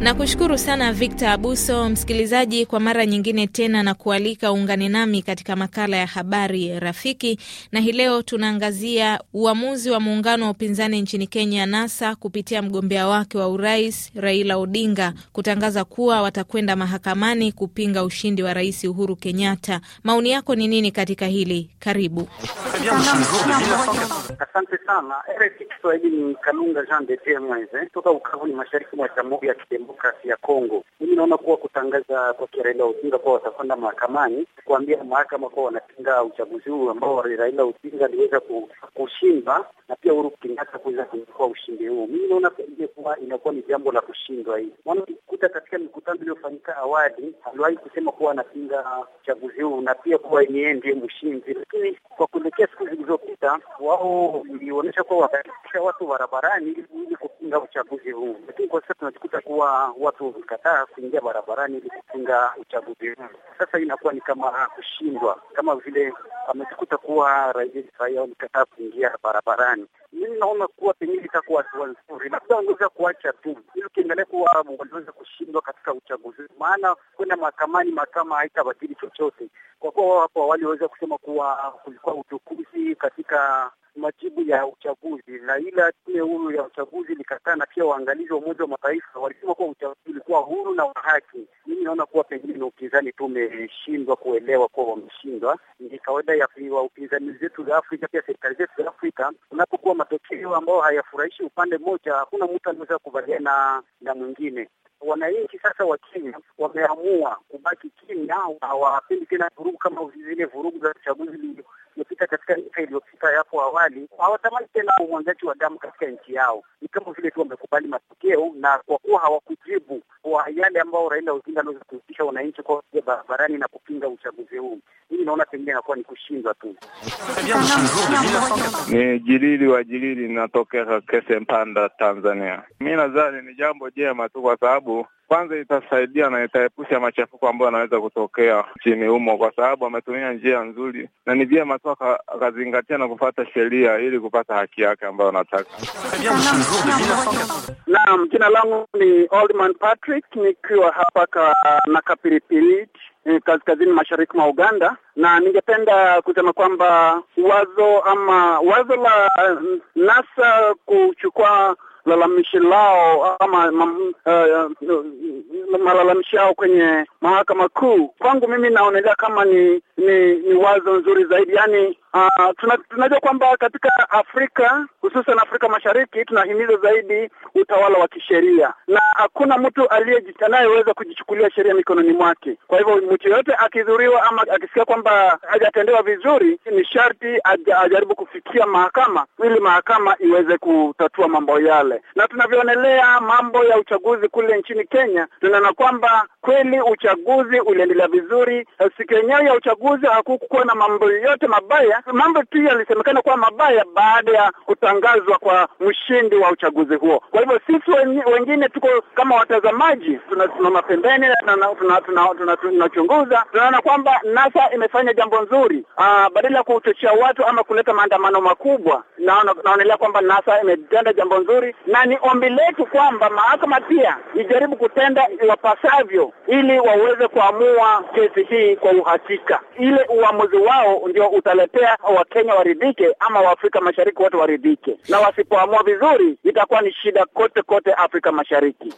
Nakushukuru sana Victor Abuso. Msikilizaji, kwa mara nyingine tena na kualika uungane nami katika makala ya habari rafiki, na hii leo tunaangazia uamuzi wa muungano wa upinzani nchini Kenya, NASA, kupitia mgombea wake wa urais Raila Odinga kutangaza kuwa watakwenda mahakamani kupinga ushindi wa Rais Uhuru Kenyatta. Maoni yako ni nini katika hili? Karibu. Asante sana. Kiswahili ni Kalunga Jean de Dieu Mweze toka Ukavu, ni mashariki mwa Jamhuri ya kidemokrasi ya Kongo. Mimi naona kuwa kutangaza kwa Raila Odinga kuwa watakwenda mahakamani kuambia mahakama kuwa wanapinga uchaguzi huu ambao Raila Odinga aliweza kushinda na pia Uhuru Kenyatta kuweza kuchukua ushindi huu, mimi naona pengine kuwa inakuwa ni jambo la kushindwa hii. Maana ukikuta katika mikutano iliyofanyika awali aliwahi kusema kuwa anapinga uchaguzi huu na pia kuwa yeye ndiye mshindi, lakini kwa kuelekea siku zilizopita wao ilionyesha kuwa wakati kuwaacha watu barabarani ili kupinga uchaguzi huu, lakini kwa sasa tunajikuta kuwa watu wamekataa kuingia barabarani ili kupinga uchaguzi huu. Sasa inakuwa ni kama kushindwa, kama vile amejikuta kuwa raia wamekataa kuingia barabarani. Mimi naona kuwa pengine itakuwa hatua nzuri, labda wangeweza kuacha tu, ili ukiangalia kuwa waliweza kushindwa katika uchaguzi, maana kwenda mahakamani, mahakama haitabadili chochote, kwa kuwa awali waweza kusema kuwa kulikuwa utukuzi katika majibu ya uchaguzi, na ila tume huru ya uchaguzi ilikataa, na pia waangalizi wa Umoja wa Mataifa walisema kuwa uchaguzi ulikuwa huru na wa haki. Mimi naona kuwa pengine upinzani tu umeshindwa kuelewa kuwa wameshindwa. Ni kawaida ya upinzani zetu za Afrika, pia serikali zetu za Afrika, unapokuwa matokeo ambayo hayafurahishi upande mmoja, hakuna mtu anaweza kuvalia na na mwingine. Wananchi sasa wa Kenya wameamua kubaki kimya, hawapendi tena vurugu kama zile vurugu za uchaguzi waliopita katika taifa iliyopita yapo awali hawatamani tena umwangaji wa damu katika nchi yao. Ni kama vile tu wamekubali matokeo, na kwa kuwa hawakujibu kwa yale ambao Raila Odinga aliweza kuitisha wananchi kwa barabarani na kupinga uchaguzi huu, naona pengine inakuwa ni kushindwa tu. Ni Jilili wa Jilili, natokea Kesempanda, Tanzania. Mi nadhani ni jambo jema tu, kwa sababu kwanza itasaidia na itaepusha machafuko ambayo yanaweza kutokea nchini humo, kwa sababu ametumia njia nzuri na ni vyema tu akazingatia na kufuata sheria ili kupata haki yake ambayo anataka. Naam, jina langu ni Oldman Patrick nikiwa hapa ka, na Kapiripiliti Eh, kaskazini mashariki mwa Uganda, na ningependa kusema kwamba wazo ama wazo la NASA kuchukua lalamishi lao ama eh, eh, malalamishi uh, yao kwenye mahakama kuu, kwangu mimi naonelea kama ni, ni ni wazo nzuri zaidi. Yaani uh, tunajua kwamba katika Afrika hususan Afrika Mashariki, tunahimiza zaidi utawala wa kisheria, na hakuna mtu anayeweza kujichukulia sheria mikononi mwake. Kwa hivyo mtu yoyote akidhuriwa ama akisikia kwamba hajatendewa vizuri, ni sharti ajaribu kufikia mahakama ili mahakama iweze kutatua mambo yale. Na tunavyoonelea mambo ya uchaguzi kule nchini Kenya, tunaona kwamba kweli uchaguzi uliendelea vizuri. Siku yenyewe ya uchaguzi hakukuwa na mambo yote mabaya. Mambo tu yalisemekana kuwa mabaya baada ya kutangazwa kwa mshindi wa uchaguzi huo. Kwa hivyo sisi wengine tuko kama watazamaji, tunasimama pembeni, tunachunguza, tuna, tuna, tuna tunaona kwamba NASA imefanya jambo nzuri. Aa, ah, badala ya kuchochea watu ama kuleta maandamano makubwa, naonelea kwamba NASA imetenda jambo nzuri, na ni ombi letu kwamba mahakama pia ijaribu kutenda iwapasavyo, ili waweze kuamua kesi hii kwa uhakika. Ile uamuzi wao ndio utaletea Wakenya waridhike ama Waafrika Mashariki watu waridhike yake, na wasipoamua vizuri itakuwa ni shida kote kote Afrika Mashariki.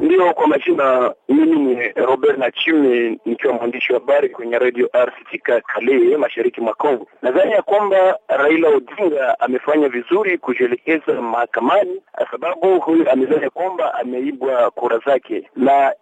ndio kwa majina, mimi ni Robert Nachime nikiwa mwandishi wa habari kwenye radio RCT Kale, mashariki mwa Kongo. Nadhani ya kwamba Raila Odinga amefanya vizuri kujielekeza mahakamani, sababu huyu amedhani ya kwamba ameibwa kura zake, na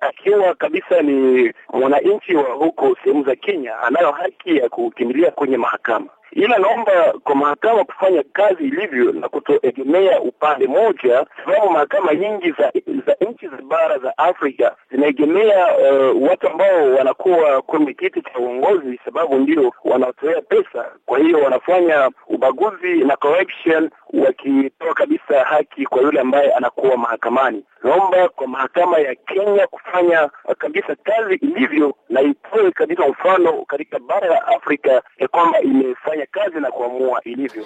akiwa kabisa ni mwananchi wa huko sehemu za Kenya, anayo haki ya kukimbilia kwenye mahakama ila naomba kwa mahakama kufanya kazi ilivyo na kutoegemea upande moja sababu mahakama nyingi za, za nchi za bara za Afrika zinaegemea uh, watu ambao wanakuwa kwenye kiti cha uongozi, sababu ndio wanaotoa pesa. Kwa hiyo wanafanya ubaguzi na corruption wakitoa kabisa haki kwa yule ambaye anakuwa mahakamani. Naomba kwa mahakama ya Kenya kufanya kabisa kazi ilivyo na itoe kabisa mfano katika bara la Afrika ya kwamba imefanya kazi na kuamua ilivyo.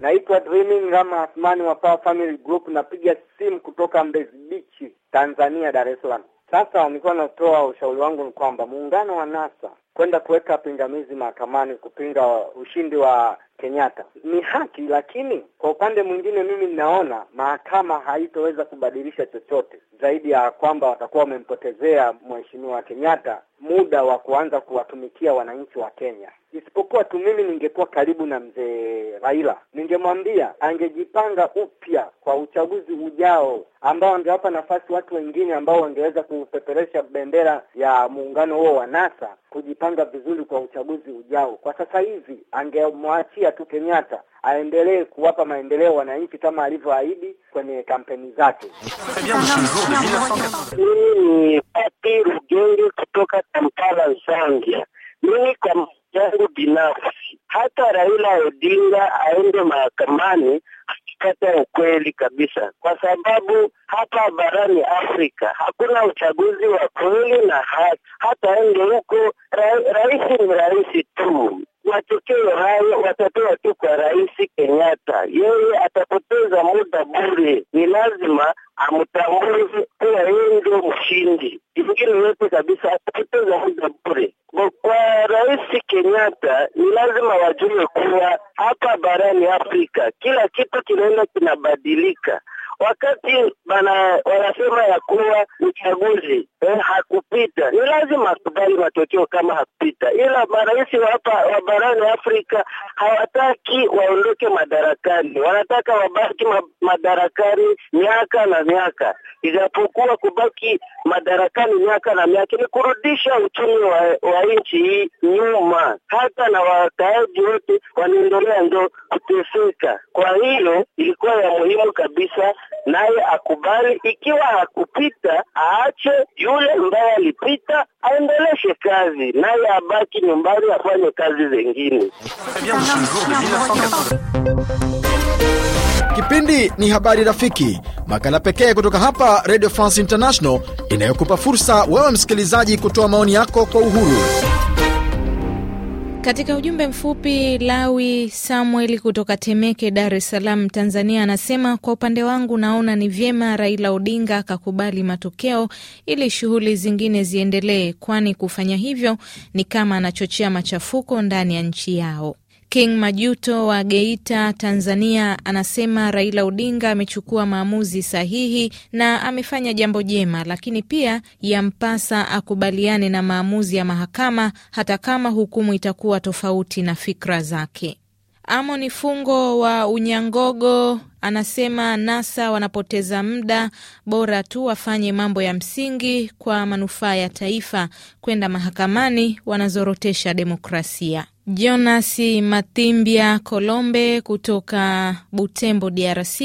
Naitwa Dreaming Rama Asmani wa Power Family Group, napiga simu kutoka Mbezi Beach, Tanzania, Dar es Salaam. Sasa nilikuwa natoa ushauri wangu ni kwamba muungano wa NASA kwenda kuweka pingamizi mahakamani kupinga ushindi wa Kenyatta. Ni haki, lakini kwa upande mwingine mimi ninaona mahakama haitoweza kubadilisha chochote zaidi ya kwamba watakuwa wamempotezea mheshimiwa Kenyatta muda wa kuanza kuwatumikia wananchi wa Kenya isipokuwa tu mimi ningekuwa karibu na mzee Raila, ningemwambia angejipanga upya kwa uchaguzi ujao ambao angewapa nafasi watu wengine ambao wangeweza kupeperesha bendera ya muungano huo wa NASA kujipanga vizuri kwa uchaguzi ujao. Kwa sasa hivi angemwachia tu Kenyatta aendelee kuwapa maendeleo wananchi kama alivyoahidi kwenye kampeni zake. Mimi ni Pati Rugenge kutoka Kampala, Zambia. Mimi kwa yangu binafsi, hata Raila Odinga aende mahakamani akipata ukweli kabisa, kwa sababu hapa barani Afrika hakuna uchaguzi wa kweli na haki. Hata ende huko ra rais ni rais tu, matokeo hayo watatoa tu kwa Rais Kenyatta. Yeye atapoteza muda bure, ni lazima amtambue kuwa yeye ndio mshindi. Ingine yote kabisa atapoteza muda bure kwa Rais Kenyatta ni lazima wajue kuwa hapa barani Afrika kila kitu kinaenda kinabadilika. Wakati bana wanasema ya kuwa uchaguzi eh, haku hakupita, ni lazima akubali matokeo kama hakupita. Ila marais wa hapa wa barani Afrika hawataki waondoke madarakani, wanataka wabaki ma madarakani miaka na miaka, ijapokuwa kubaki madarakani miaka na miaka ni kurudisha uchumi wa, wa nchi hii nyuma, hata na wakaaji wote wanaendelea ndo kuteseka. Kwa hiyo ilikuwa ya muhimu kabisa naye akubali. Ikiwa hakupita aache, yule ambaye alipita aendeleshe kazi, naye abaki nyumbani afanye kazi zengine. Kipindi ni Habari Rafiki, makala pekee kutoka hapa Radio France International inayokupa fursa wewe msikilizaji kutoa maoni yako kwa uhuru. Katika ujumbe mfupi, Lawi Samuel kutoka Temeke, Dar es Salaam, Tanzania, anasema kwa upande wangu naona ni vyema Raila Odinga akakubali matokeo ili shughuli zingine ziendelee, kwani kufanya hivyo ni kama anachochea machafuko ndani ya nchi yao. King Majuto wa Geita, Tanzania, anasema Raila Odinga amechukua maamuzi sahihi na amefanya jambo jema, lakini pia yampasa akubaliane na maamuzi ya mahakama, hata kama hukumu itakuwa tofauti na fikra zake. Amoni Fungo wa Unyangogo anasema NASA wanapoteza muda, bora tu wafanye mambo ya msingi kwa manufaa ya taifa. Kwenda mahakamani wanazorotesha demokrasia. Jonas Matimbia Kolombe kutoka Butembo, DRC,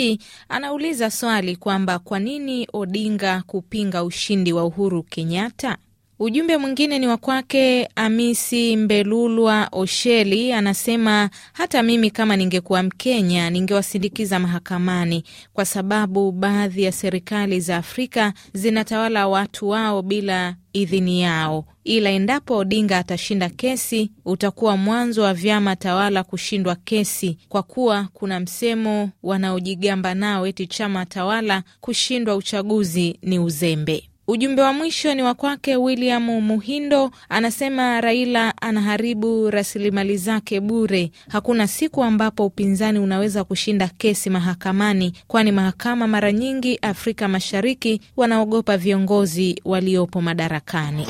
anauliza swali kwamba kwa nini Odinga kupinga ushindi wa Uhuru Kenyatta? Ujumbe mwingine ni wa kwake Amisi Mbelulwa Osheli, anasema hata mimi kama ningekuwa Mkenya ningewasindikiza mahakamani, kwa sababu baadhi ya serikali za Afrika zinatawala watu wao bila idhini yao, ila endapo Odinga atashinda kesi, utakuwa mwanzo wa vyama tawala kushindwa kesi, kwa kuwa kuna msemo wanaojigamba nao eti chama tawala kushindwa uchaguzi ni uzembe. Ujumbe wa mwisho ni wa kwake William Muhindo, anasema Raila anaharibu rasilimali zake bure. Hakuna siku ambapo upinzani unaweza kushinda kesi mahakamani, kwani mahakama mara nyingi Afrika Mashariki wanaogopa viongozi waliopo madarakani.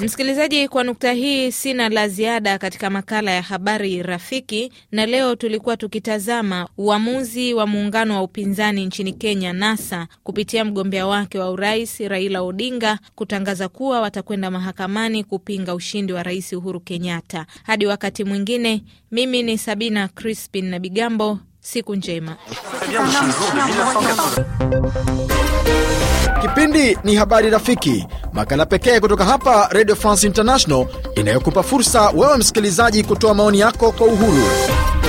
Msikilizaji, kwa nukta hii sina la ziada katika makala ya habari rafiki, na leo tulikuwa tukitazama uamuzi wa muungano wa upinzani nchini Kenya NASA kupitia mgombea wake wake wa urais Raila Odinga kutangaza kuwa watakwenda mahakamani kupinga ushindi wa Rais Uhuru Kenyatta. Hadi wakati mwingine, mimi ni Sabina Crispin na Bigambo. Siku njema. Kipindi ni Habari Rafiki, makala pekee kutoka hapa Radio France International inayokupa fursa wewe msikilizaji kutoa maoni yako kwa uhuru.